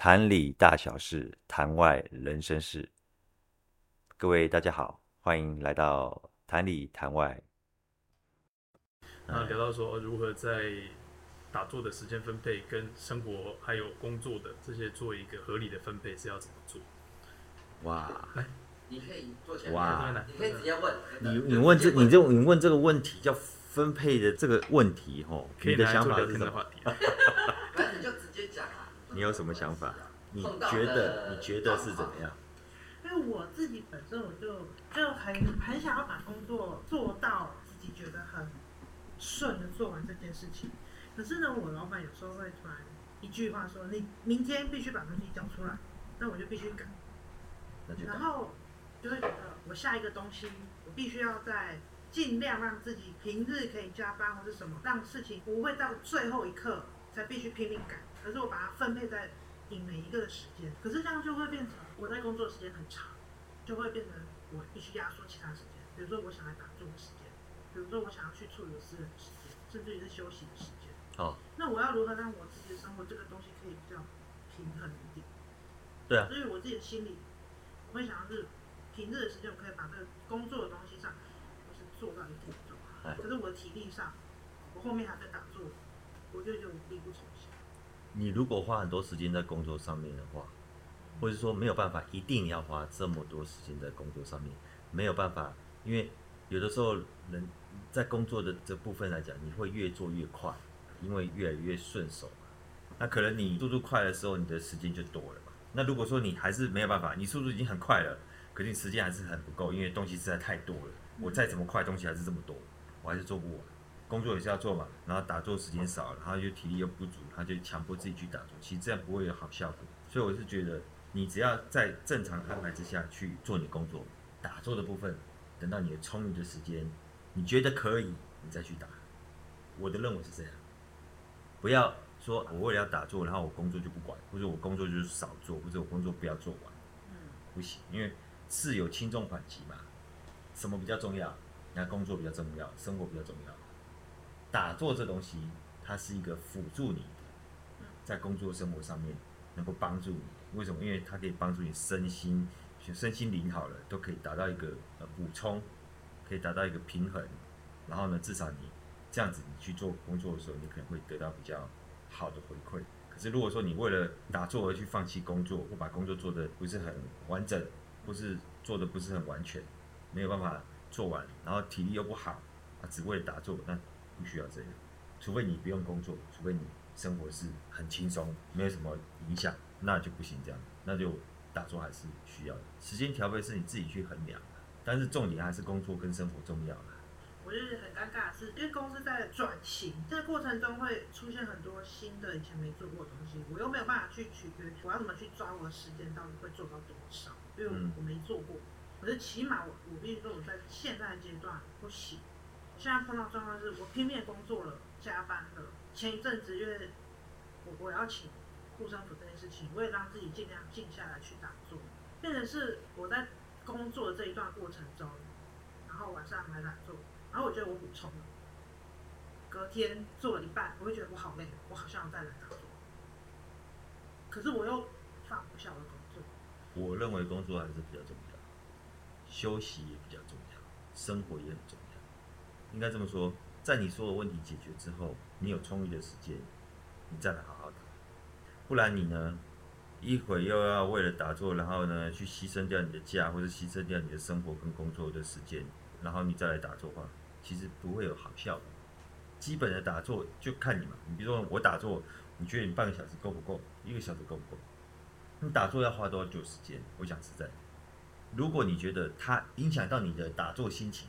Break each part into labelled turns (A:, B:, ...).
A: 壇裡大小事，壇外人生事。各位大家好，歡迎來到壇裡談外。那聊到說如何在打坐的時間分配跟生活還有工作的這些做一個合理的分配是要怎麼做？哇，你可以坐下來，哇，你可以直接問對你對你問這你就你問這個問題叫分配的這個問題吼，你的想法是什麼？ 你有什麼想法？你覺得你覺得是怎麼樣？
B: 因為我自己本身我就就很很想要把工作做到自己覺得很順的做完這件事情。可是呢，我老板有時候會突然一句話說：“你明天必須把東西交出來。”那我就必須改。改然後就會覺得我下一個東西我必須要在盡量讓自己平日可以加班或是什麼，讓事情不會到最後一刻。才必須拼命趕，可是我把它分配在你每一個的時間，可是這樣就會變成我在工作的時間很長，就會變成我必須壓縮其他時間，比如說我想來打坐的時間，比如說我想要去處理私人的時間，甚至於是休息的時間。哦。Oh. 那我要如何讓我自己的生活這個東西可以比較平衡一點？對啊。所以我自己的心裡，我會想要是平日的時間，我可以把這個工作的東西上，我是做到一定、oh. 可是我的體力上，我後面還在打坐。我覺
A: 得力不從心。你如果花很多時間在工作上面的話，或者說沒有辦法，一定要花這麼多時間在工作上面，沒有辦法，因為有的時候人在工作的這部分來講，你會越做越快，因為越來越順手嘛。那可能你速度快的時候，你的時間就多了嘛。那如果說你還是沒有辦法，你速度已經很快了，可是你時間還是很不夠，因為東西實在太多了。我再怎麼快，東西還是這麼多，我還是做不完。工作也是要做嘛，然後打坐時間少了，然後就體力又不足，他就強迫自己去打坐，其實這樣不會有好效果。所以我是覺得，你只要在正常安排之下去做你工作，打坐的部分，等到你的充裕的時間，你覺得可以，你再去打。我的認為是這樣，不要說我為了要打坐，然後我工作就不管，或者我工作就是少做，或者我工作不要做完，不行，因為事有輕重緩急嘛，什麼比較重要？然後工作比較重要，生活比較重要。打坐這東西，它是一個輔助你，在工作生活上面能夠幫助你。為什麼？因為它可以幫助你身心、身心靈好了，都可以達到一個呃補充，可以達到一個平衡。然後呢，至少你這樣子你去做工作的時候，你可能會得到比較好的回饋。可是如果說你為了打坐而去放棄工作，或把工作做得不是很完整，或是做得不是很完全，沒有辦法做完，然後體力又不好，啊，只為了打坐那。不需要這樣，除非你不用工作，除非你生活是很輕鬆，沒有什麼影響，那就不行這樣，那就打坐還是需要的。時間調配是你自己去衡量，但是重點還是工作跟生活重要了。
B: 我就是很尷尬是，是因為公司在轉型，這個過程中會出現很多新的以前沒做過的東西，我又沒有辦法去取決我要怎麼去抓我的時間，到底會做到多少，因為我沒做過。我覺得起碼我，我必須說我在現在的階段不行。現在碰到狀況是，我拼命工作了，加班了。前一陣子就是，我我要請護身符這件事情，我也讓自己盡量靜下來去打坐，變成是我在工作的這一段過程中，然後晚上還來打坐。然後我覺得我補充了，隔天做了一半，我會覺得我好累，我好像要再來打坐。可是我又放不下我的工作。
A: 我認為工作還是比較重要，休息也比較重要，生活也很重要。應該這麼說，在你所有問題解決之後，你有充裕的時間，你再來好好打。不然你呢，一會兒又要為了打坐，然後呢去犧牲掉你的家，或者犧牲掉你的生活跟工作的時間，然後你再來打坐的話，其實不會有好效果。基本的打坐就看你嘛。你比如說我打坐，你覺得你半個小時夠不夠？一個小時夠不夠？你打坐要花多久時間？我想實在。如果你覺得它影響到你的打坐心情，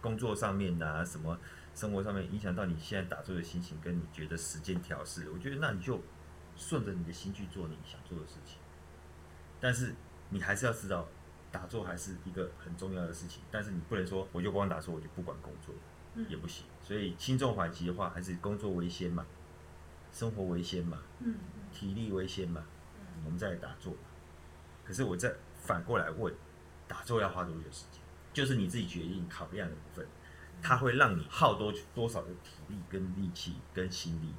A: 工作上面吶、啊，什麼生活上面影響到你現在打坐的心情，跟你覺得時間調適，我覺得那你就順着你的心去做你想做的事情。但是你還是要知道，打坐還是一個很重要的事情。但是你不能說我就光打坐，我就不管工作，嗯，也不行。所以輕重緩急的話，還是工作為先嘛，生活為先嘛，嗯，體力為先嘛，嗯，我們再來打坐嘛。可是我再反過來問，打坐要花多久時間？就是你自己決定考量的部分，它會讓你耗多多少的體力跟力氣跟心力，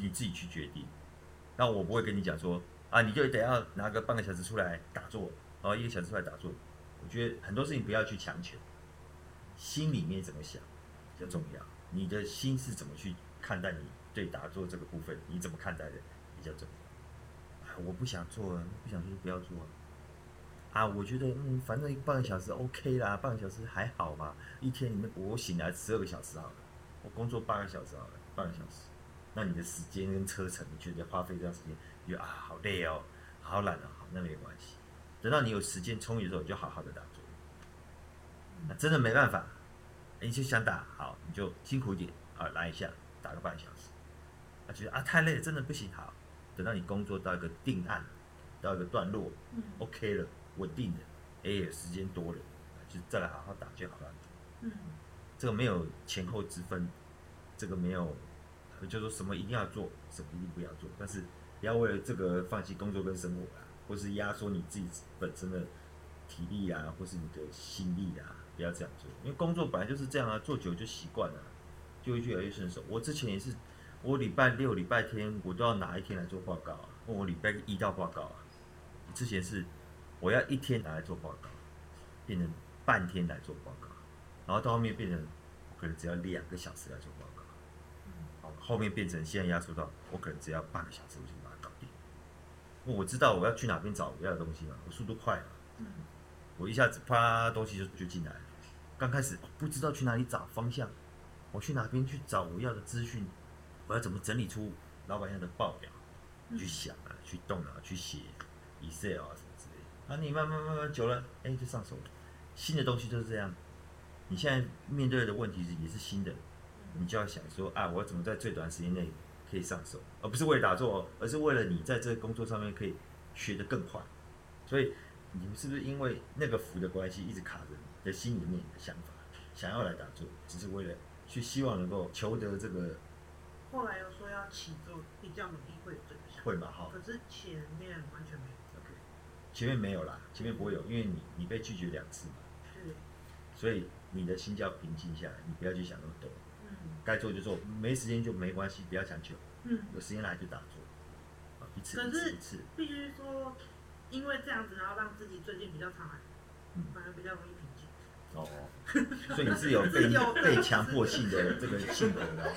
A: 你自己去決定。那我不會跟你講說，啊，你就得要拿個半個小時出來打坐，然後一個小時出來打坐。我覺得很多事情不要去強求，心裡面怎麼想比較重要。你的心是怎麼去看待你對打坐這個部分，你怎麼看待的比較重要。啊，我不想做，啊，我不想做就不要做啊。啊，我覺得嗯，反正半個小時 OK 啦，半個小時還好嘛。一天你們，我醒來十二個小時好了，我工作半個小時好了，半個小時。那你的時間跟車程，你覺得花費這段時間，你覺得啊好累哦，好懶哦、啊，那沒關係。等到你有時間充裕的時候，你就好好的打坐。那、啊、真的沒辦法，你就想打好，你就辛苦一點啊，來一下打個半個小時。啊，覺得啊太累了，真的不行。好，等到你工作到一個定案，到一個段落、嗯，OK 了。穩定的，哎、欸，時間多了，就再來好好打就好了。嗯，嗯，這個沒有前後之分，這個沒有，就說什麼一定要做，什麼一定不要做，但是不要為了這個放棄工作跟生活啊，或是壓縮你自己本身的體力啊，或是你的心力啊，不要這樣做，因為工作本來就是這樣啊，做久就習慣了、啊，就越來越順手。我之前也是，我禮拜六、禮拜天我都要拿一天來做報告啊？問我禮拜一到報告啊？之前是。我要一天拿來做報告，變成半天來做報告，然後到後面變成我可能只要兩個小時來做報
B: 告，
A: 好、嗯，後，後面變成現在壓縮到我可能只要半個小時我就把它搞定。我、哦、我知道我要去哪邊找我要的東西了，我速度快了，嗯、我一下子啪東西就就進來了。剛開始不知道去哪裡找方向，我去哪邊去找我要的資訊，我要怎麼整理出老板要的報表？嗯、去想啊，去動腦、啊，去寫 Excel、啊。以啊，你慢慢慢慢久了，哎，就上手了。新的東西就是這樣，你現在面對的問題是也是新的，你就要想說啊，我怎麼在最短時間內可以上手？而不是為了打坐，而是為了你在這個工作上面可以學得更快。所以，你們是不是因為那個福的關係，一直卡着你的心裡面的想法，想要來打坐，只是為了去希望能夠求得這個？後來又說
B: 要起坐，比較努力會有這個效果。會吧，好。可是前面完全沒有。
A: 前面沒有啦，前面不會有，因為你你被拒絕兩次嘛，是所以你的心就要平靜下來，你不要去想那麼多，該、嗯、做就做，沒時間就沒關係，不要強求。嗯，有時間來就打坐，啊，一次一次一次。必須說，因為這樣子，然後讓自己最近比較差，嗯，反而比較容易平靜。哦，所以你是有被 是有被強迫性的這個性格的，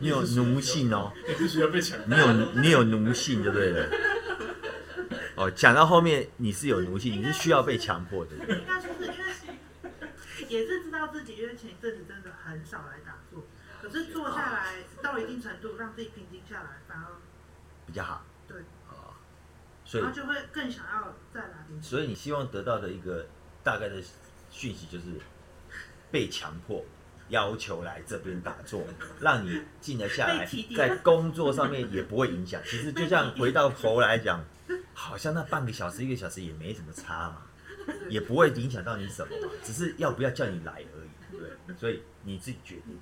A: 你有奴性哦，必須的要被強，你有你有奴性就對了。哦，講到後面，你是有奴性，是你是需要被強迫的。應
B: 該是因為也是知道自己，因為前一陣子真的很少來打坐，可是坐下來到一定程度，讓自己平靜下來，
A: 反而比較好。對。哦，所以他就
B: 會更想要再來。
A: 所以你希望得到的一個大概的訊息就是被強迫，要求來這邊打坐，讓你靜了下來，在工作上面也不會影響。其實就像回到頭來講，好像那半個小時、一個小時也沒什麼差嘛，也不會影響到你什麼，只是要不要叫你來而已，對不對？所以你自己決定。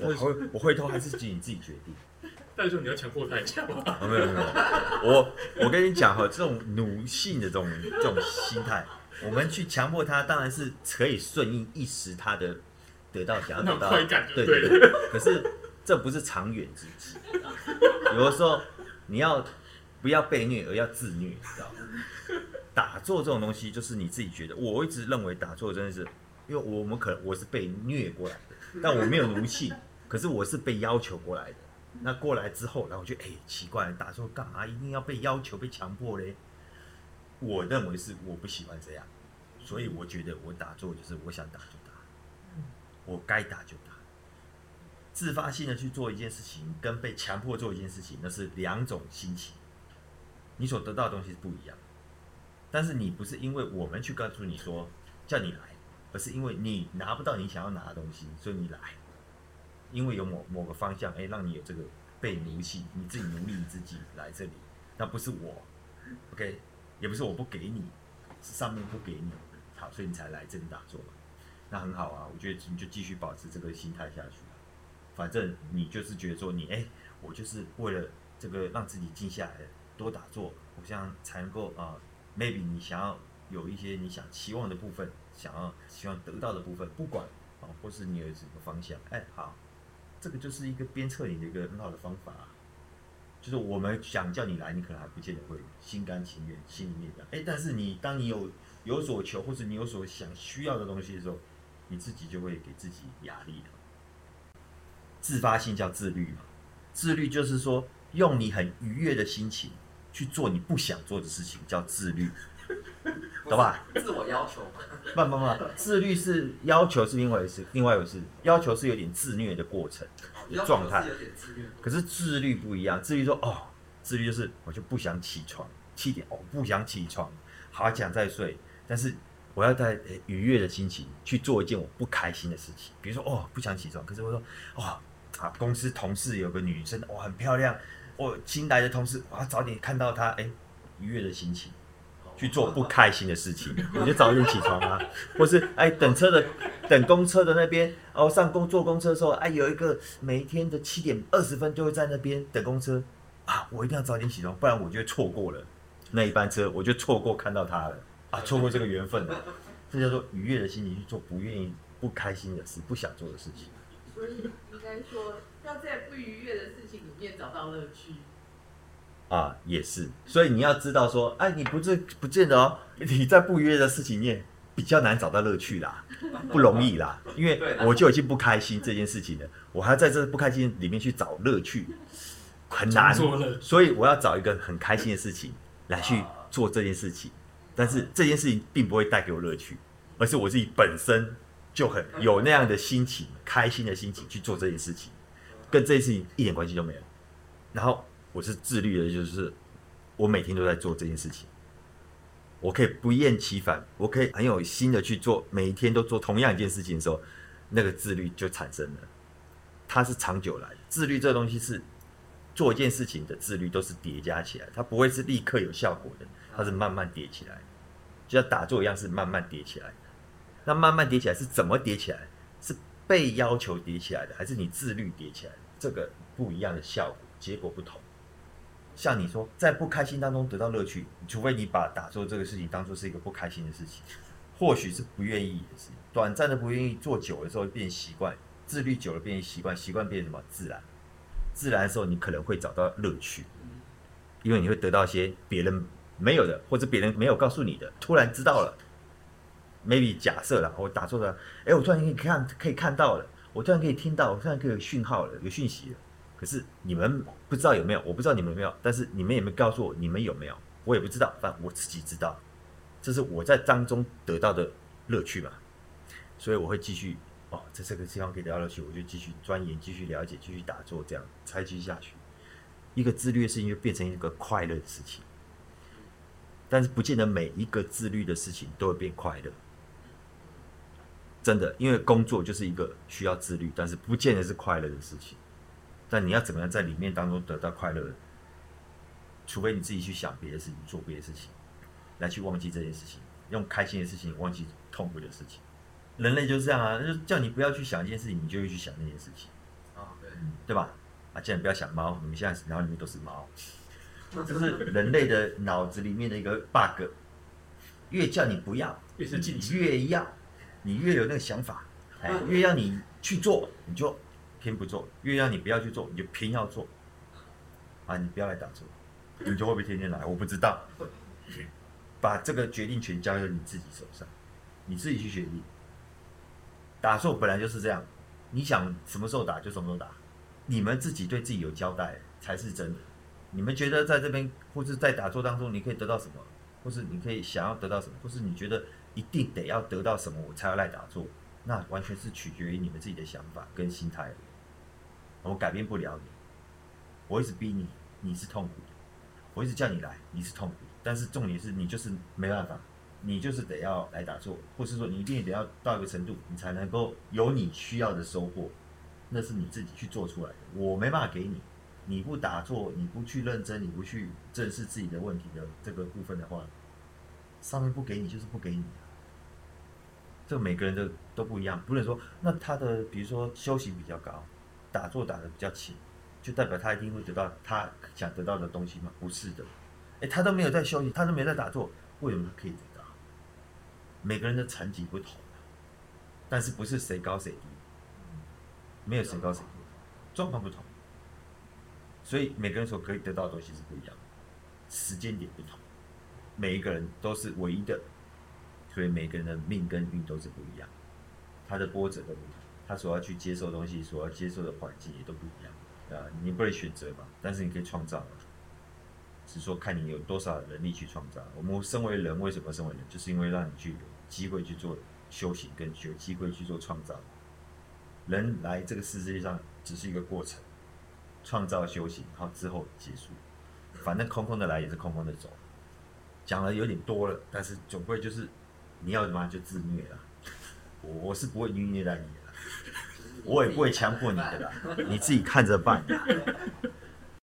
A: 我還會，我回頭還是由你自己決定。但是說你要強迫他一下，沒有沒有，Oh, no, no, no. 我我跟你講哈，這種奴性的這種這種心態，我們去強迫他，當然是可以順應一時他的。得到想要得到，對，對對對。 可是這不是長遠之計。 有的時候你要不要被虐，而要自虐，知道嗎？打坐這種東西，就是你自己覺得。我一直認為打坐的真的是，因為我們可能我是被虐過來的，但我沒有奴氣。 可是我是被要求過來的。那過來之後，然後我就得，哎，奇怪，打坐幹嘛一定要被要求、被強迫嘞？我認為是我不喜歡這樣，所以我覺得我打坐就是我想打坐。我該打就打，自發性的去做一件事情，跟被強迫做一件事情，那是兩種心情，你所得到的東西是不一樣的。但是你不是因為我們去告訴你說叫你來，而是因為你拿不到你想要拿的東西，所以你來。因為有某某個方向，哎、欸，讓你有這個被奴役，你自己奴隸自己來這裡，那不是我，OK，也不是我不給你，是上面不給你，好，所以你才來這裡打坐。那很好啊，我覺得你就繼續保持這個心態下去。反正你就是覺得說你哎、欸，我就是為了這個讓自己靜下來，多打坐，好像才能夠啊，maybe 你想要有一些你想期望的部分，想要希望得到的部分，不管啊或是你有什麼方向，哎、欸、好，這個就是一個鞭策你的一個很好的方法、啊。就是我們想叫你來，你可能還不見得會心甘情願，心裡面的哎、欸，但是你當你有有所求或者你有所想需要的東西的時候。你自己就會給自己壓力了。自發性叫自律嘛？自律就是說，用你很愉悅的心情去做你不想做的事情，叫自律， 是懂吧？自我要求不不不，對自律是要求是另外一回事，另外一回事，要求是有點自虐的過程、的過程的狀態。可是自律不一樣，自律說哦，自律就是我就不想起床，七點我、哦、不想起床，好想再睡，但是。我要在愉悅的心情去做一件我不開心的事情，比如說哦，不想起床，可是我說哦啊，公司同事有個女生哇，很漂亮，我新來的同事，我要早點看到她，哎、欸、愉悅的心情去做不開心的事情，哦哦、我就早點起床啊， 或是哎，等車的等公車的那邊哦、啊、上公坐公車的時候哎、啊、有一個每一天的七點二十分就會在那邊等公車，啊，我一定要早點起床，不然我就錯過了那一班車，我就錯過看到她了。啊，錯過這個緣分了。這叫做愉悅的心情去做不願意、不開心的事、不想做的事情。所以應
B: 該說，要在不愉悅的事情
A: 裡面找到樂趣。啊，也是。所以你要知道說，哎、啊，你不是不見得哦，你在不愉悅的事情裡面比較難找到樂趣啦，不容易啦。因為我就已經不開心這件事情了，我還在這不開心裡面去找樂趣，很難。做了，所以我要找一個很開心的事情來去做這件事情。但是這件事情並不會帶給我樂趣，而是我自己本身就很有那樣的心情，嗯、開心的心情去做這件事情，跟這件事情一點關係都沒有。然後我是自律的，就是我每天都在做這件事情，我可以不厭其煩，我可以很有心的去做，每一天都做同樣一件事情的時候，那個自律就產生了，它是長久來的。自律這個東西是。做一件事情的自律都是疊加起來，它不會是立刻有效果的，它是慢慢疊起來的，就像打坐一樣是慢慢疊起來的。那慢慢疊起來是怎麼疊起來？是被要求疊起來的，還是你自律疊起來？這個不一樣的效果，結果不同。像你說在不開心當中得到樂趣，除非你把打坐這個事情當作是一個不開心的事情，或許是不願意的事情，短暫的不願意做久的時候變習慣，自律久了變習慣，習慣變什麼？自然。自然的時候，你可能會找到樂趣，因為你會得到一些別人沒有的，或者別人沒有告訴你的，突然知道了。Maybe 假設啦，我打錯了，哎、欸，我突然可以看，可以看到了，我突然可以聽到，我突然可以有訊號了，有訊息了。可是你們不知道有沒有，我不知道你們有沒有，但是你們也沒告訴我你們有沒有，我也不知道，反正我自己知道，這是我在當中得到的樂趣吧。所以我會繼續。哦，在這個地方可以聊下去，我就繼續鑽研、繼續了解、繼續打坐，這樣持續下去，一個自律的事情就變成一個快樂的事情。但是不見得每一個自律的事情都會變快樂，真的，因為工作就是一個需要自律，但是不見得是快樂的事情。但你要怎麼樣在裡面當中得到快樂呢？除非你自己去想別的事情，做別的事情，來去忘記這件事情，用開心的事情忘記痛苦的事情。人類就是這樣啊，就叫你不要去想一件事情，你就會去想那件事情，啊、對，嗯、對吧？啊，叫你不要想貓，你們現在腦裡面都是貓，
B: 這是人類的
A: 腦子裡面的一個 bug。越叫你不要，你越要，你越有那個想法；啊、越讓你去做，你就偏不做；越讓你不要去做，你就偏要做。啊，你不要來打坐，你就會不會天天來？我不知道。嗯、把這個決定權交由你自己手上，你自己去決定。打坐本來就是這樣，你想什麼時候打就什麼時候打，你們自己對自己有交代才是真的。你們覺得在這邊或是，在打坐當中，你可以得到什麼，或是你可以想要得到什麼，或是你覺得一定得要得到什麼，我才要來打坐，那完全是取決於你們自己的想法跟心態。我改變不了你，我一直逼你，你是痛苦的；我一直叫你來，你是痛苦的。但是重點是你就是沒辦法。你就是得要來打坐，或是說你一定得要到一個程度，你才能夠有你需要的收穫，那是你自己去做出來的。我沒辦法給你，你不打坐，你不去認真，你不去正視自己的問題的這個部分的話，上面不給你就是不給你、啊。這個、每個人的都不一樣，不能說那他的比如說修行比較高，打坐打得比較勤，就代表他一定會得到他想得到的東西嗎？不是的，哎、欸，他都沒有在休息，他都沒在打坐，為什麼他可以？每個人的層級不同，但是不是誰高誰低，沒有誰高誰低，狀況不同，所以每個人所可以得到的東西是不一樣的，時間點不同，每一個人都是唯一的，所以每個人的命跟運都是不一樣的，他的波折都不同，他所要去接受的東西，所要接受的環境也都不一樣，啊，你不能選擇吧，但是你可以創造。只說看你有多少能力去創造。我們身為人，為什麼身為人？就是因為讓你去有機會去做修行，跟有機會去做創造。人來這個世界上只是一個過程，創造、修行，好之後結束。反正空空的來，也是空空的走。講了有點多了，但是總歸就是你要什麼就自虐了。我我是不會虐待你的，我也不會強迫你的啦，你自己看着辦。